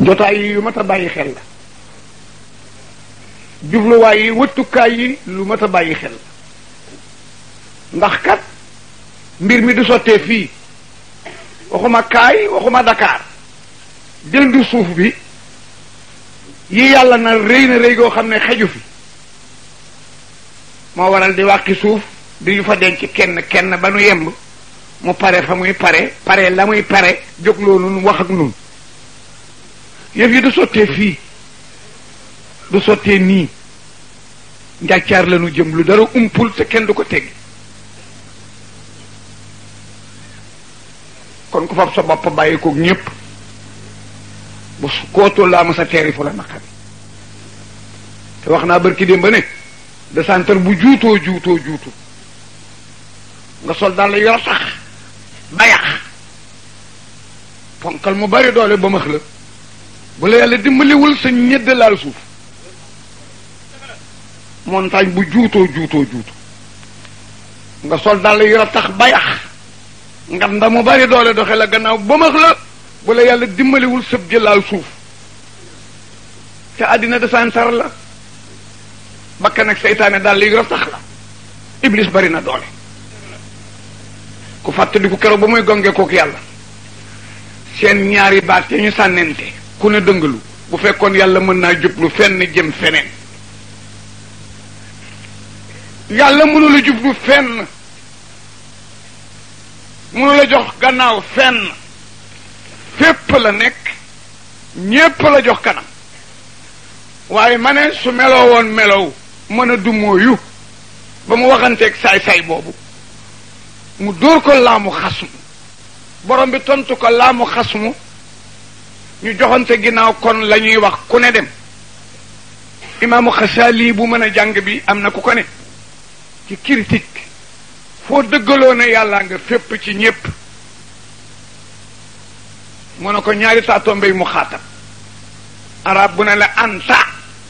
jotaay yi yu mat a bàyyi xel la jubluwaay yi wëttukaay yi lu mat a bàyyi xel ndax kat mbir mi du sottee fii waxuma kaay waxuma Dakar jënd suuf bi yi yàlla na rëy na rëy goo xam ne xeju fi moo waral di wàqi suuf di ñu fa denc kenn kenn ba nu yemb mu pare fa muy pare pare la muy pare jóg loolu wax ak nun yëf yi du sottee fii du sottee nii njàccaar la nu jëm lu dara umpul te kenn du ko teggi kon ku fab sa bopp bàyyi koog ñëpp bu kootul laa sa a teeri fu la naqari te wax naa barki démb ne de santar bu juutoo juutoo juutu nga sol dal la yor sax bayax ponkal mu bari doole ba la bu la yàlla dimbaliwul sa ñedd laal suuf montagne bu juutoo juutoo juutu nga sol dàll yi tax bayax nga ndamu bari doole doxe la gannaaw bëmax la bu la yàlla dimbaliwul sëb ji laal suuf te àddina desaan sar la bakkan ak seytaane dàll yi tax la iblis bari na doole ku fàttaliku keroog ba muy gonge kook yàlla seen ñaari baat ya ñu sànnente ku ne dëngalu bu fekkoon yàlla mën naa jublu fenn jëm feneen yàlla mënula jublu fenn mënu jox gannaaw fenn fépp la nekk ñépp la jox kanam waaye ma ne su meloo woon melow mën a dumóoyu ba mu waxanteeg saay-saay boobu mu dóor ko laamu xasmu borom bi tontu ko laamu xasmu ñu joxante ginnaaw kon lañuy wax ku ne dem imaamu xasaali bu mën a jàng bi am na ku kone ne ci critique foo dëggaloo na yàllaa nga fépp ci ñépp mu ne ko ñaari taatombe mu xaatam arab bu ne la anta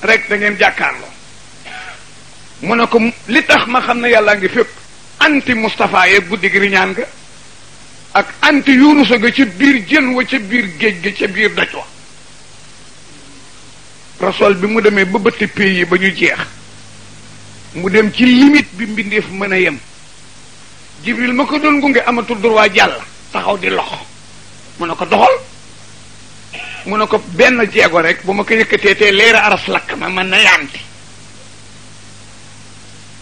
rek dangeen jàkkaarloo mu ne ko li tax ma xam ne yàllaa ngi fépp anti Moustapha yeeg guddi gi ñaan nga ak anti yunusa ga ca biir jën wa ca biir géej ga ca biir doj wa rasol bi mu demee ba bëtt pays yi ba ñu jeex mu dem ci limite bi mbindeef mën a yem jibril ma ko amatul droit jàll taxaw di lox mu ne ko doxal mu ne ko benn jeego rek bu ma ko yëkkatee tee leera aras lakk ma mën na yaanti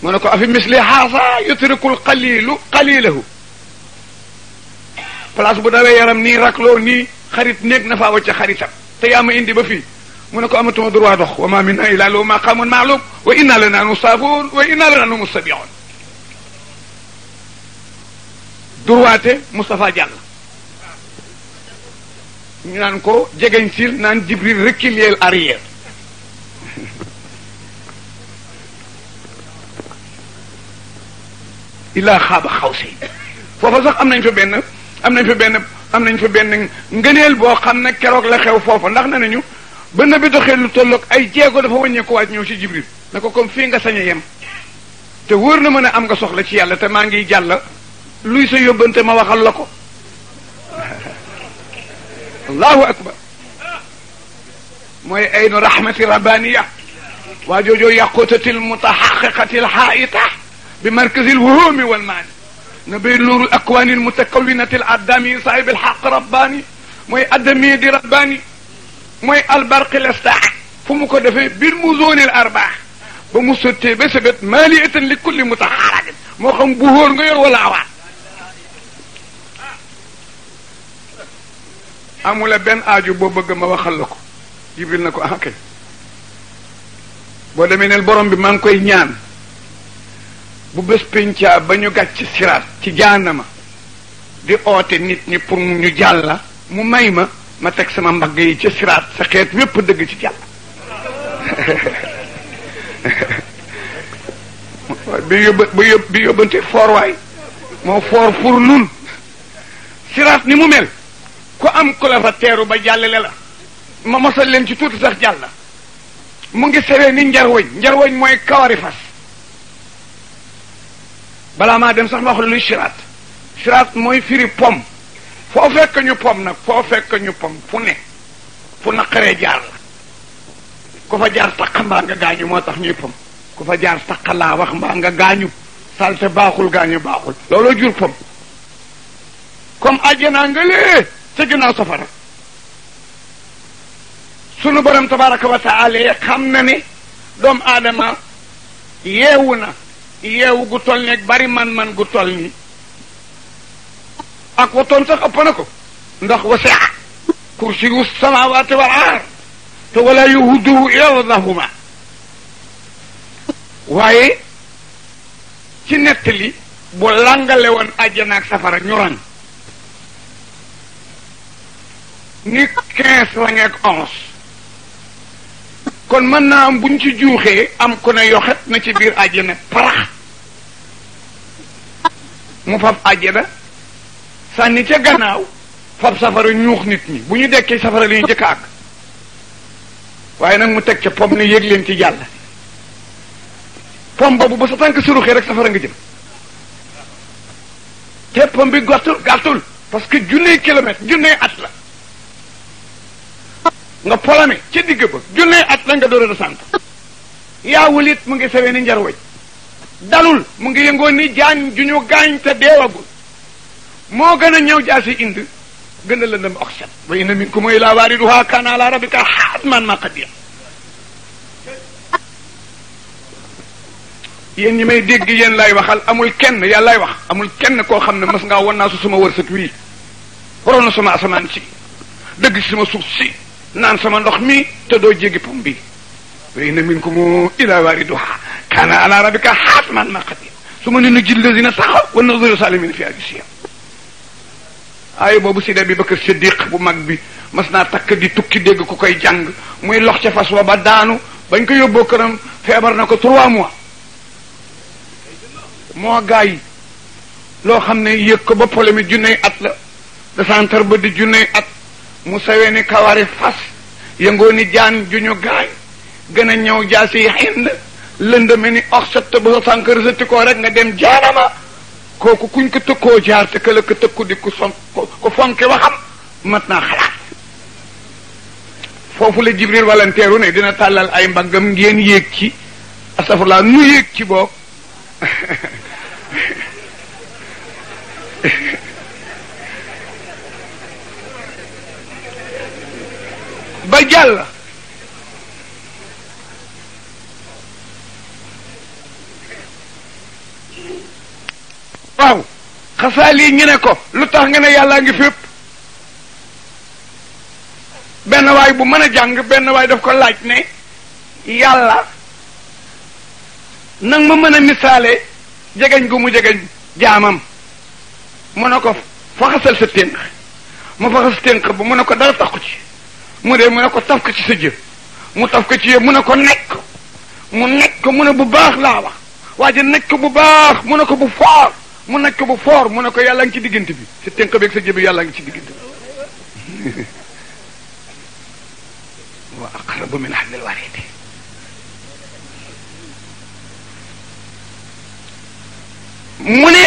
mu ne ko afi misli haasa yutrikul qalilu qalilahu place bu dawe yaram ni raklo ni xarit nek na fa wacca xaritam te yama indi ba fi mu ne ko amatuma droit dox wa ma minna illa ma qamun ma'lum wa inna lana nusabun wa inna lana mustabi'un droité mustafa jall ñu nan ko jegeñ sir nan Jibril reculer arrière ila khaba khawsi fofa sax am nañ fa benn am nañ fa benn am nañ fa benn ngëneel boo xam ne keroog la xew foofu ndax ne nañu ba nabi doxee lu tolloog ay jéego dafa wàññeeku waaj ñëw ci jibril na ko comme fii nga sañ a yem te wóor na ma ne am nga soxla ci yàlla te maa ngi jàll luy sa yóbbante ma waxal la ko allahu akbar mooy aynu rahmati rabbaniya waa joojoo yàqutatil mutaxaqiqatil xaayita bi markazil wuhumi wal maani نبيل نور الاكوان المتكونة العدام صاحب الحق رباني موي ادمي دي رباني موي البرق الاستاح فمكو دفي بير موزون الارباح بمسوتي بسبت مالية لكل متحرك مخم بوهور غير ولا عوا امولا بن اجو بو بغ ما واخال لكو جيبل نكو اكي بو دمي نيل bu bés péncaa ba ñu gàcc siraat ci jaanama di oote nit ñi pour mu ñu jàlla mu may ma ma teg sama mbagg yi ca siraat sa xeet wépp dëgg ci jàll bi yóbba bi yób bi yóbbante foor waay moo foor pour nun siraat ni mu mel ku am ku fa teeru ba jàllale la ma mosal leen ci tuuti sax jàll mu ngi sewee ni njarwañ njarwañ mooy kawari fas balaa maa dem sax ma wax luy siraat siraat mooy firi pom foo fekk ñu pom nag foo fekk ñu pom fu ne fu naqaree jaar la ku fa jaar taq mbaa nga gaañu moo tax ñuy pom ku fa jaar taq laa wax mbaa nga gaañu salte baaxul gaañu baaxul looloo jur pom comme àjjanaa nga lee ca ginnaaw safara sunu borom tabaraka wa taala xam na ne doomu aadama yeewu na yeewu gu toll ni bari man-man gu toll ni ak watoon sax ëpp na ko ndax wasaa kursiyu samawaati wal aar te wala yuhuduhu irdahuma waaye ci nettali bu làngale woon àjjana ak safara ñu ràññ ni quinze la ngeeg kon mën naa am buñ ci juuxee am kon ne yoxet na ci biir àjjana parax mu fab na sànni ca gannaaw fab safara ñuux nit ñi bu ñu dekkee safara li ñu jëkk ak waaye nag mu teg ca pom ne yéeg leen ci jàll pom boobu ba sa tànk suruxee rek safara nga jëm te pom bi gàttul gàttul parce que junney kilomètre junney at la nga polame ca digg ba junne at la nga door a sant yaa wulit mu ngi sawee ni njarwaj dalul mu ngi yëngoon ni jaan ju ñu gaañ te deewagul moo gën a ñëw jaasi ind gën a lëndëm oxsat wa inna minkum illaa waariduhaa kaana alaa rabbika hatman maqdiyyan yéen ñi may dégg yéen laay waxal amul kenn yàlla lay wax amul kenn koo xam ne mas ngaa won naa su sama wërsëg wii waroon na sama asamaan si dëgg si suuf si naan sama ndox mi te doo jéggi pom bi wa inna minkum ila waariduha kaana ala rabbika hatman maqdiya summa nunajjil lazina taqaw wa nahzarus zaalimiina fiihaa jisiyya aaya boobu Sidi Abubakar Siddiq bu mag bi mas naa takk di tukki dégg ko koy jàng mooy lox ca fas wa ba daanu bañ ko yóbboo këram feebar na ko trois mois moo gaa yi loo xam ne yëg ko ba problème yi junney at la desantar ba di junney at mu sawe ni kawari fas yëngoo ni jaan ju ñu gaay gën a ñëw jaasi yi xind lëndëme ni ox sa sa sànq rësati rek nga dem jaarama kooku kuñ ko tëkkoo jaar te këla ko tëkku di ku son ko fonke waxam mat naa xalaat foofu la jibril walanteeru ne dina tàllal ay mbaggam ngeen yéeg ci astafurlaa nu yéeg ci boog ba jàll waaw xasaali ñu ne ko lu tax nga ne yàllaa ngi fépp benn waay bu mën a jàng benn waay daf ko laaj ne yàlla nag ma mën a misaale jegeñ gu mu jegeñ jaamam mu ne ko faxasal sa tënk mu faxas sa tënk ba mu ne ko dara taxu ci mu ne mu ne ko taf ko ci sa mu taf ko ci yow mu ne ko nekk mu nekk mu ne bu baax laa wax waa ji nekk bu baax mu ne ko bu foor mu nekk mu ne ko yàlla ngi ci diggante bi sa tënk beeg sa jëbi yàlla ngi ci diggante bi wa aqrabu min hablil warid mu ne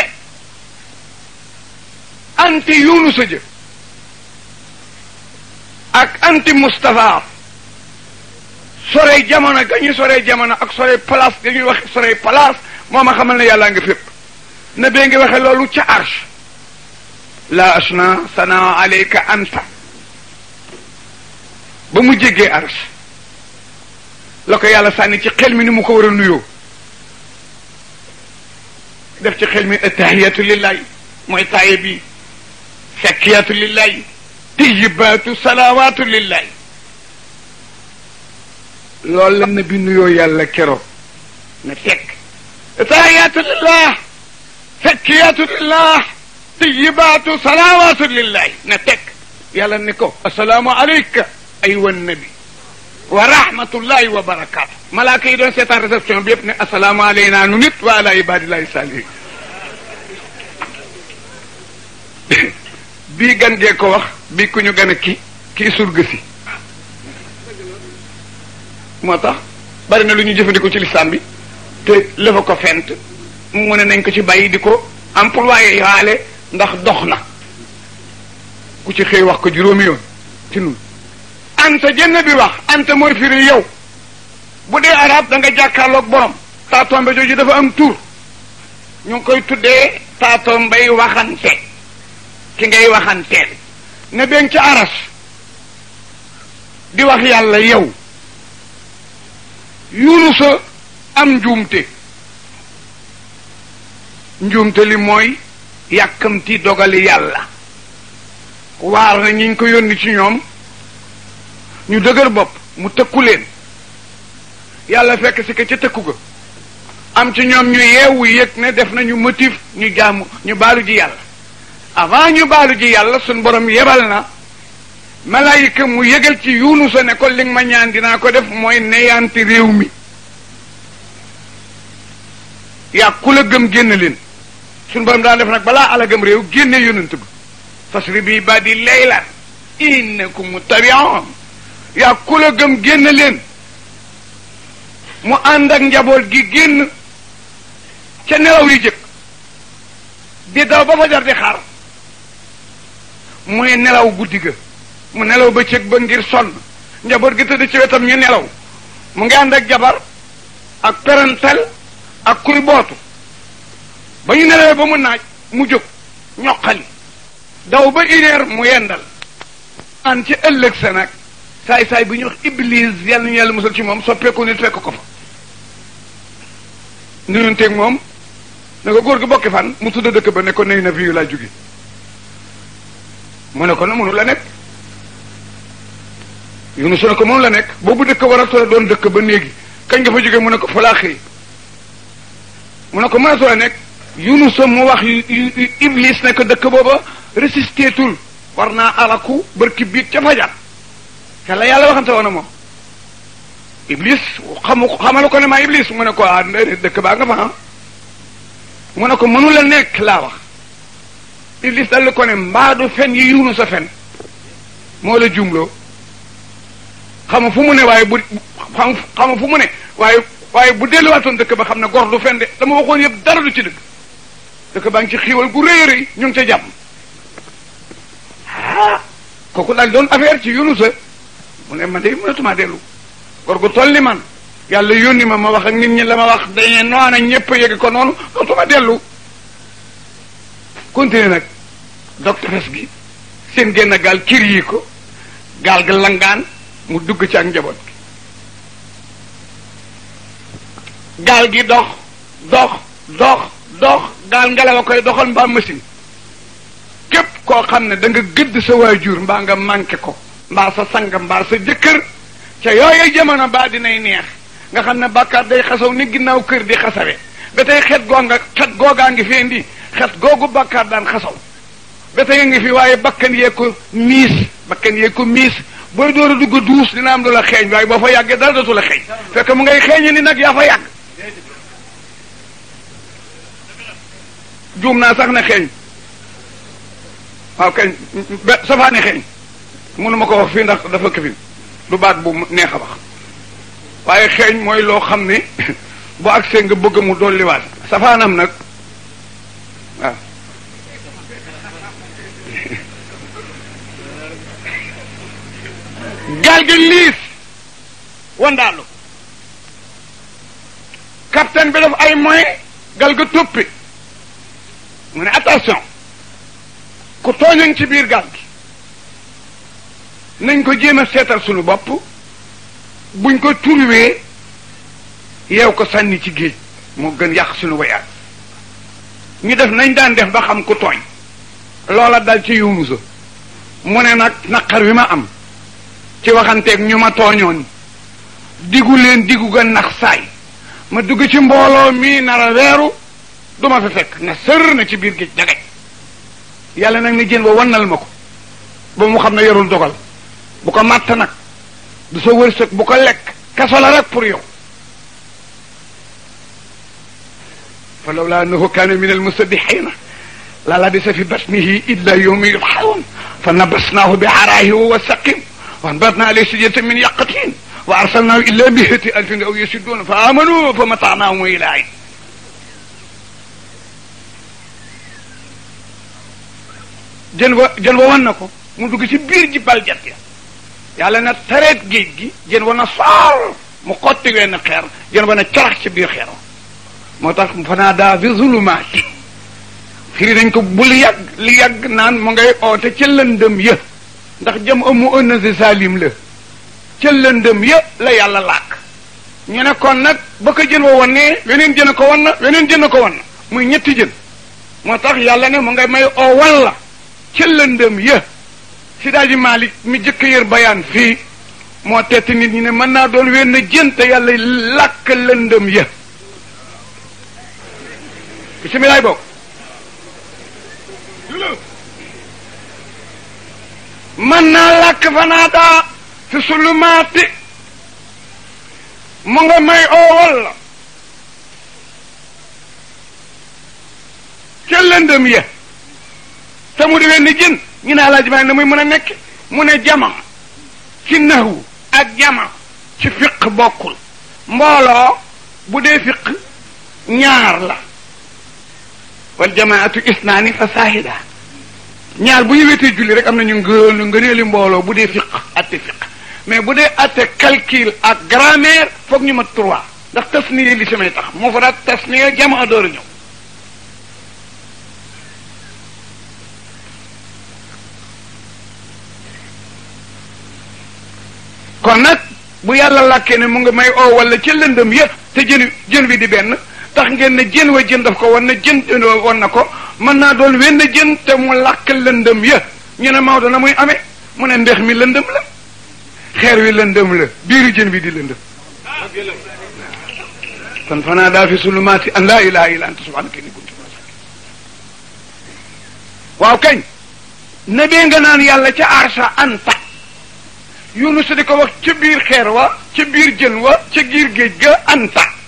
ante yoonu sa ak anti Moustapha sore jamono ga ñu sore jamono ak sore place ga ñuy wax sore place moo ma xamal ne yàllaa nga fépp na bee ngi waxe loolu ca arsh la asna sanaa aleyka anta ba mu jéggee arsh la ko yàlla sànni ci xel mi ni mu ko war a nuyoo def ci xel mi attahiyatu lillahi mooy taaye bi sakkiyatu lillahi tayyibaat salawaatu lillahi loolu la na bi nuyoo yàlla keroog na fekk tahiyaatu lillah fakkiyaatu lillah tayyibaatu salawaatu lillahi na fekk yàlla ni ko asalaamu aleyka aywa nabi wa rahmatullahi wa barakaatu malaaka yi doon seetaan réception bi yëpp ne asalaamu aleyna nu nit wa ala ibadillahi salihin bii gan gee ko wax bii ku ñu gën a kii surga si moo tax bari na lu ñuy jëfandikoo ci lislaam bi te lëfa ko fent mu ne nañ ko ci bàyyi di ko employé yaale ndax dox na ku ci xëy wax ko juróomi yoon ci nun anta jenn bi wax anta mooy firi yow bu dee arab da nga jàkkaarloog borom taatombe jooju dafa am tur ñu ngi koy tuddee taatombay waxante ki ngay waxanteel ne ben ci aras di wax yàlla yow yunusa am njuumte njuumte li mooy yàkkamti dogali yàlla waar na ñiñ ko yónni ci ñoom ñu dëgër bopp mu tëkku leen yàlla fekk si ko ca tëkku ga am ci ñoom ñu yeewu yëg ne def nañu motif ñu jàmm ñu baalu ji yàlla avant ñu baalu ji yàlla suñ borom yebal na malaayika mu yëgal ci yuunusa ne ko li nga ma ñaan dinaa ko def mooy neyaante réew mi yaa ku la gëm génn leen suñ borom daan def nag balaa ala gëm réew génne yonent bi fasri bi ba di leylan innakum muttabi'un yaa ku la gëm génn leen mu ànd ak njaboot gi génn ca nelaw yi di daw ba fajar di xaar mooy nelaw guddi ga mu nelaw ba cëg ba ngir sonn njaboot gi tëdd ci wetam ñu nelaw mu ngi ànd ak jabar ak perentel ak kuy bootu ba ñu nelawee ba mu naaj mu jóg ñoqali daw ba une mu yendal an ci ëllëg sa nag saay saay bu ñu wax iblis yàlla nañu yàlla musal ci moom soppeeku nit fekk ko fa nu teeg moom na nga góor gi bokki fan mu tudd dëkk ba ne ko nay na biyu laa jóge mu ne ko na mënu la nekk Yunus ne ko mënu la nekk boobu dëkk war a doon dëkk ba néegi kañ nga fa jógee mu ne ko falaaxi mu ne ko mënatoo la nekk Yunus mu wax Iblis ne ko dëkk booba résisté tul war naa alaku barki biit ca fajar te la yàlla waxante woon na moom Iblis xamu xamalu ko ne maa Iblis mu ne ko ah dëkk baa nga fa ah mu ne ko mënu la nekk laa wax. iblis dal ko ne mbaadu fen yi yunu sa fen moo la jumloo xama fu mu ne waaye bu xama fu mu ne waaye waaye bu delluwaatoon dëkk ba xam ne gor du fen de dama waxoon yëpp dara du ci dëkk dëkk baa ngi ci xiiwal gu rëy rëy ñu ngi ca jàmm ah kooku daal doon affaire ci yunusa mu ne man de mënatuma dellu gor gu toll ni man yàlla yónni ma ma wax ak nit ñi la ma wax dañee noona ñëpp yëg ko noonu dootuma dellu continué nag dog gi seen genn gaal kir yi ko gaal gi langaan mu dugg ci ak njaboot gi gaal gi dox dox dox dox gaal ngelaw a koy doxal mbaa machine képp koo xam ne da nga gëdd sa waajur mbaa nga manqué ko mbaa sa sang mbaa sa jëkkër ca yooyu jamono baa dinay neex nga xam ne bàkkaar day xasaw ni ginnaaw kër di xasawe ba tey xet goo nga xet googaa ngi fi indi xas googu bàkkaar daan xasaw ba tey ngi fii waaye bakkan yee ko miis bakkan yee ko miis booy door a dugg duus dina am lu la xeeñ waaye boo fa yàggee dara dootu la xeeñ fekk mu ngay xeeñe ni nag yaa fa yàgg juum naa sax ne xeeñ waaw xeeñ mënuma ko wax fii ndax dafa këfin du baat bu neex a wax waaye xeeñ mooy loo xam ne bu agsee nga bëgg mu dolliwaat safaanam nag gaal ga liis wandaalu capitaine bi def ay moyens gaal ga toppi mu ne attention ku tooñan ci biir gaal gi nañ ko jéem a seetal sunu bopp buñ ko turwee yeew ko sànni ci géej moo gën yàq sunu wayaat ñu def nañ daan def ba xam ku tooñ loola dal ci yuunusa mu ne nag naqar wi ma am ci waxante ak ñuma toñoon digu leen digu ga nax saay ma dugg ci mbooloo mi nara weeru duma ma fi fekk ne sër na ci biir géej dagaj yàlla nag ne jën ba wannal ma ko ba mu xam ne yorul dogal bu ko màtt nag du sa wërsëg bu ko lekk kaso la rek pour yow fa lawla annahu kaana min al almusaddixiina la labisa fi basmihi illa yawmi yubxaruun fa nabasnaahu bi araahi wa saqim وانبتنا عليه سجدة من يقطين وارسلناه الا بهة الف او يسدون فامنوا فمتعناهم الى عين جنبو جنبو ونكو مو دوغي سي بير جبال جات يا يالا نا تريت جيج جي جنبو نا صار مقتل ين خير جنبو نا تراخ سي خير موتاخ فنا في ظلمات خيري دنجكو بول ياغ لي ياغ نان مو اوتا تي لندم يه ndax jëm amu ënnasi saalim la ca lëndëm la yàlla làkk ñu ne kon nag ba ko jën wa wannee weneen jën ko wan na weneen jën ko wan muy ñetti jën moo tax yàlla ne mu ngay may oo walla ca lëndëm ya si daaji Malik mi jëkk yër bayaan fii moo tetti nit ñi ne mën naa doon wenn jën te yàlla làkk lëndëm ya bisimilaay bokk mën naa làkk fanaataa fi sulumaati mu nga may oowal la ca lëndëm ya te mu demee ni jën ñu ne alaaji maa ne muy mën a nekk mu ne jama ci naxwu ak jama ci fiq bokkul mbooloo bu dee fiq ñaar la wal jamaatu isnaani fa saahida ñaar bu ñu wetee julli rek am nañu ngël ngëneeli mbooloo bu dee fiq atte fiq mais bu dee atte calcul ak grammaire foog ñu mat trois ndax tasniye li samay tax moo fa daat tasniye jamaa door a ñëw kon nag bu yàlla làkkee ne mu nga may oo wala ca lëndëm yëpp te jën jën wi di benn tax ngeen ne jën wa jën daf ko wan jën wan na ko mën naa doon wenn jën te mu làkk lëndëm ya ñu ne Maodo na muy amee mu ne ndex mi lëndëm la xeer wi lëndëm la biiru jën bi di lëndëm kon fanaa daa fi sulumaati an laa ilaha illa anta subhanaka inni kuntu nga naan yàlla ca di ko wax ca biir xeer wa ca biir jën wa ca giir géej ga anta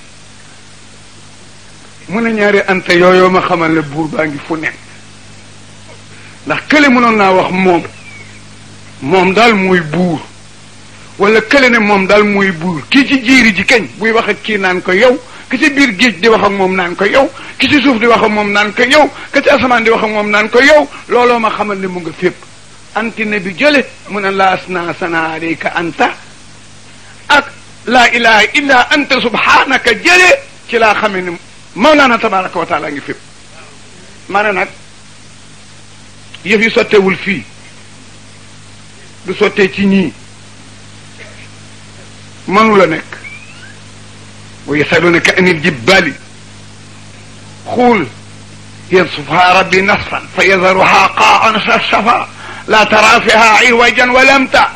mune ñaari ante yooyu ma xamal ne buur baa ngi fu ne ndax kële mënoon naa wax moom moom daal muy buur wala kële ne moom daal muy buur kii ci jiiri ji kañ buy wax ak kii naan ko yow ki ci biir géej di wax ak moom naan ko yow ki ci suuf di wax ak moom naan ko yow ki ci asamaan di wax ak moom naan ko yow looloo ma xamal ne mu nga fépp antine bi jële mu ne laas naa sanaa aleyka anta ak laa ilaha illa anta subhanaka jële ci laa xame ne mawlaana tabaraka wa taala ngi fépp ma ne nag yëf yi sottewul fii du sottee ci ñii mënu la nekk wa yasalunaka anil jibbali xuul yansufaha rabbi nasfan fa yazaruha qaaan safa la tara fiha iwajan walamta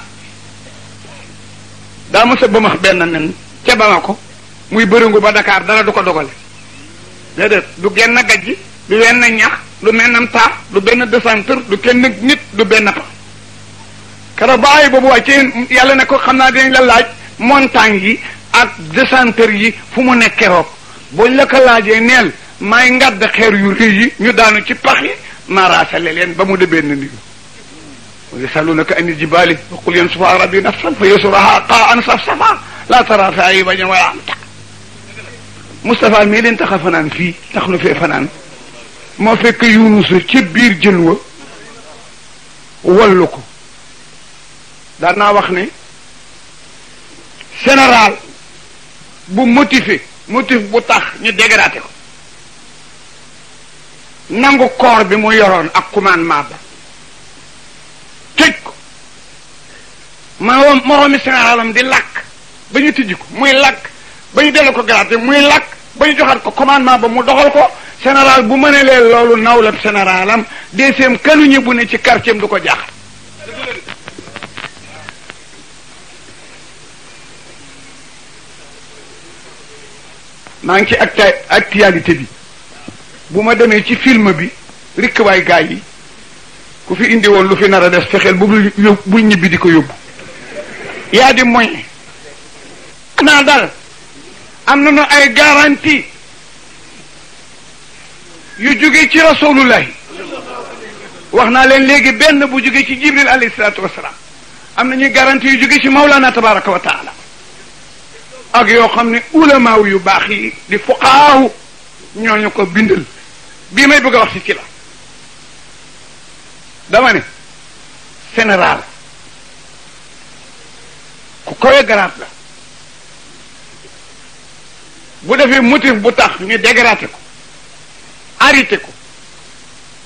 daa mos a ba max benn nen ca bama ko muy bëringu ba Dakar dara du ko dogale déedéet du genn gajj du wenn ñax du mennam taax lu benn décentre lu kenn nit du benn pax kara bàyyi boobu wàcce yàlla ne ko xam naa dinañ la laaj montagne yi ak décentre yi fu mu nekk keroog buñ la ko laajee neel maay ngadd xeer yu yi ñu daanu ci pax yi maaraasale leen ba mu de benn nit wa yasalunaka ani jibaali wa qul yansifuha rabbi nafsan fa yasuraha qaan saf safa laa tara fiihaa iwajan wa laa Moustapha mii leen tax a fanaan fii tax nu fee fanaan moo fekk Yunusu ci biir jën wa wallu ko daan naa wax ni général bu motivé motif bu tax ñu dégradé ko nangu koor bi mu yoroon ak commandement ba tëj ko moo moroomi généralam di làkk ba ñu tijji ko muy làkk ba ñu dellu ko gradé muy làkk ba ñu joxaat ko commandement ba mu doxal ko général bu mënee leen loolu nawlab généralam deuxième kanuñu bu ne ci quartier du ko jaaxal. maa ngi ci actualité bi bu ma demee ci film bi rikk waay gaay yi ku fi indi woon lu fi nar a des fexeel bu bul ñibbi di ko yóbbu yaa di moy naa dal am nañu ay garantie yu jóge ci rasulullahi wax naa leen léegi benn bu jóge ci jibril alayhi salaatu wasalaam am nañuy garantie yu jóge ci mawlana tabaraka wa taala ak yoo xam ni ulamaaw yu baax yi di fuqaaw ñooñu ko bindal bii may bëgg a wax ci ci la dama ne ku koy garaat bu defee motif bu tax ñu dégraté ko arrêté ko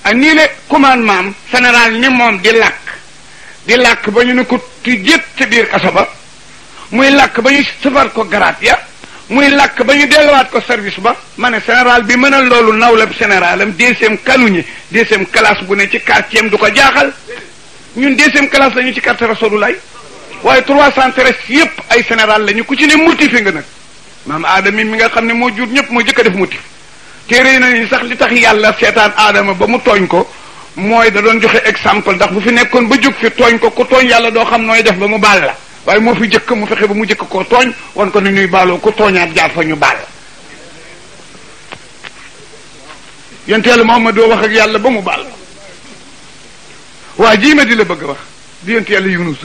ak ah, nii la commandement am sénéral ni moom di làkk di làkk ba ñu ne ko tijjët ci biir kaso ba muy làkk ba ñu safar ko garaat ya muy làkk ba ñu delluwaat ko service ba ma ne général bi mën a loolu nawlab général am deuxième kaluñe deuxième classe bu ne ci quartier am du ko jaaxal ñun deuxième classe la ñu ci quartier Rasulullah waaye 313 yépp ay général la ñu ku ci ne mortifié nga nag mam adam mi nga xamne mo jur ñep moo jëkk a def motif téere na ni sax li tax yàlla sétan adam ba mu togn ko moy da doon joxe exemple ndax bu fi nekkon ba juk fi togn ko ku togn yàlla do xam noy def ba mu bal la waaye mo fi jëk mu fexe ba mu jëk ko togn won ko ni ñuy balo ku tooñaat jaar fa ñu bal yentel Muhammad do wax ak yàlla ba mu bal waaji ma di la bëgg wax di yentel yunus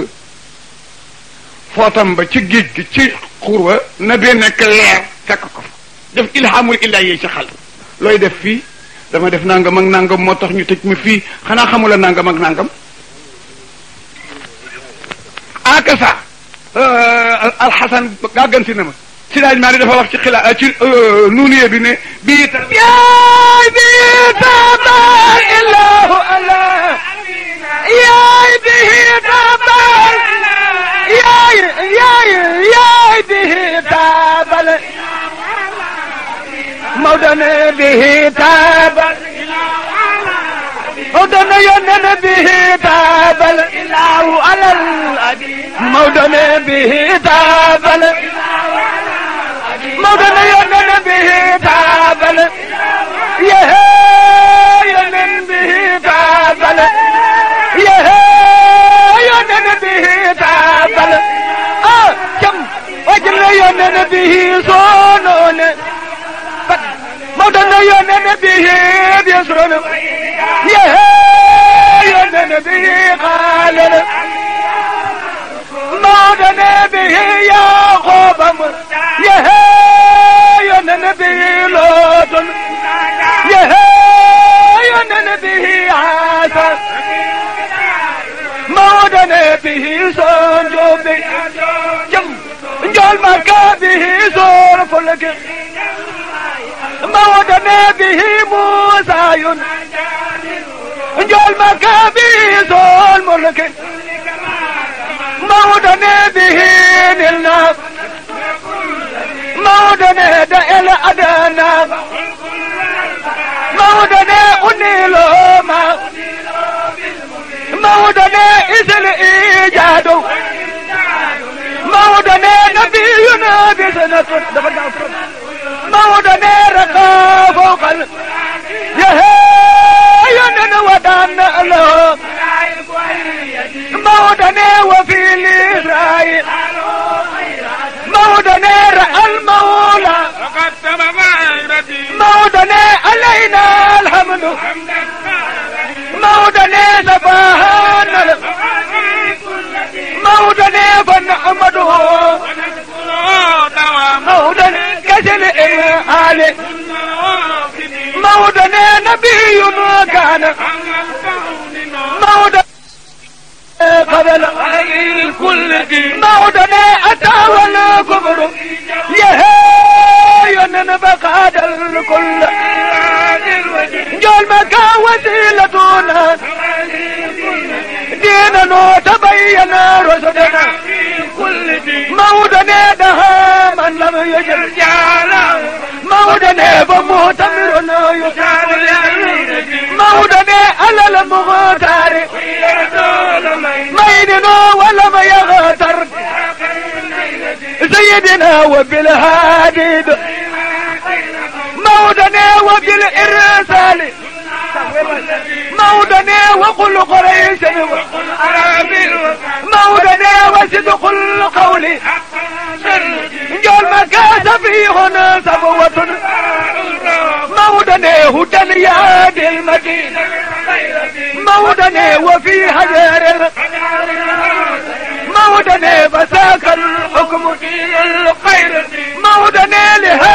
فوتام با تي گيج تي خوروا نبي نك لير تك كف دف الهام الا يي شي خال لوي دف في دا ما دف نانغام اك نانغام مو تخ ني تيج مي في خنا خامولا نانغام اك نانغام اكسا الحسن غاغن سي نما سيراج ماري دافا واخ سي خلا سي نونيي بي ني بي تا يا بي تا تا الله الله يا بي تا تا الله yaay yaay bihi taabal mawdana bihi taabal mawdana yonana bihi taabal ilaahu alal mawdana bihi taabal mawdana yonana bihi taabal يونن به صونون موتن يونن به بيسرون يا يونن به قالن موتن به يا خوبم يا يونن به لوطن يا يونن به عاصم موتن به صنجوب جم ما المكافه زور فلك ما ودنا به موسى جل مكافه زور ملك ما ودنا به نلنا ما ودنا دائل أدانا ما ودنا أنيلو ما ما ودنا إذ الإيمان گورنر أخرجنا رشدنا من كل دين مودنا دها من لم يجد جعلا مودنا فمؤتمرنا يقبل مودنا على المغتر ميننا ولم يغتر سيدنا وبالهادد مودنا وبالإرسال مودنا وقل قريشا وقل أرابل مودنا وصدق القول جول مكاس فيهن سبوة مودنا هدى يا دي المدينة مودنا وفي هجر مودنا فساك الحكم في الخير مودنا لهذا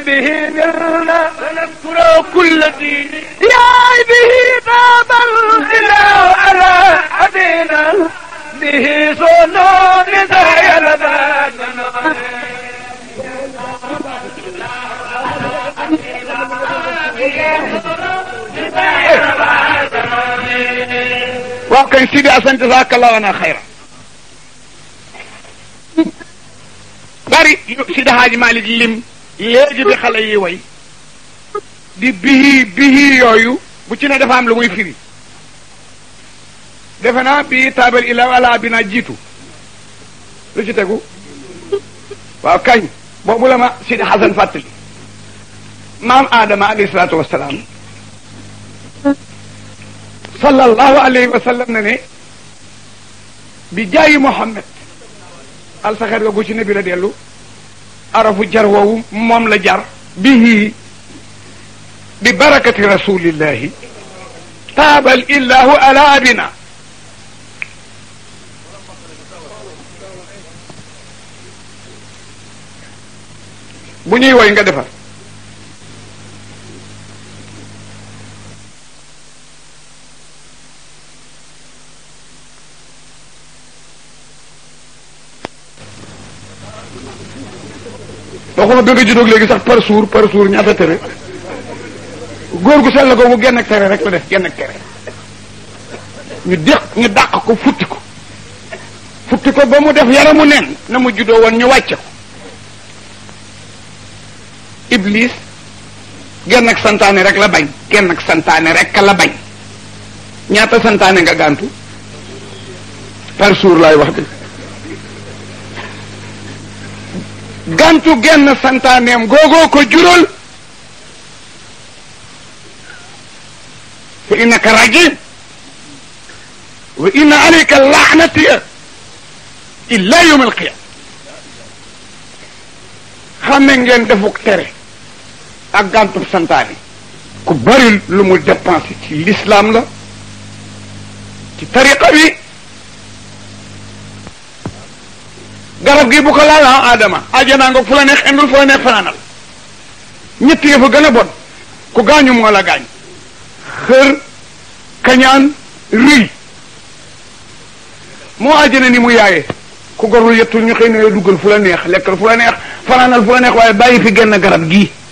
به منا سنذكر كل دين يا به بابا إلى على أبينا به صنون زي البادنا وكان سيدي أسان جزاك الله وانا خيرا bari سيدي هاجي مالي lim léegi bi xale yi way di bihi bihi yooyu bu ci ne dafa am lu muy firi defe naa bii taabal ila wala bi naa jiitu lu ci tegu waaw kañ boobu la ma Sidi Xasan fàttali maam Adama alayhi salaatu wasalaam sallallahu alayhi wa sallam ne bi jaayi Muhammad alsaxeer ga gu ci ne bi la dellu arafu jar woowu moom la jar bihi bi barakati rasulillahi taabal illahu ala abina bu ñuy nga defar boo ko ma bëgg a juddoo léegi sax par jour par jour ñaata tere góor gu sell googu genn ak tere rek la def genn ak tere ñu déq ñu dàq ko futti ko futti ko ba mu def yaramu neen na mu juddoo woon ñu wàcc ko iblis genn ak santaane rek la bañ genn ak santaane rek la bañ ñaata santaane nga gàntu par jour laay wax bi gantu genn santaneem googoo ko jural fa innaka rajim wa inna alayka laanati illa yawm alqiyam xamme ngeen defuk tere ak gantub santaane ku bari lu mu dépensé ci l'islam la ci tariqa bi garab gi bu ko laal ah Adama àjjanaa nga fu la neex indul fu la neex fanaanal ñett ya fa gën a bon ku gaañu moo gaañ xër kañaan rëy moo àjjana ni mu yaaye ku gorul yettul ñu xëy na la duggal fu la neex lekkal fu la neex fanaanal fu la neex waaye bàyyi fi genn garab gii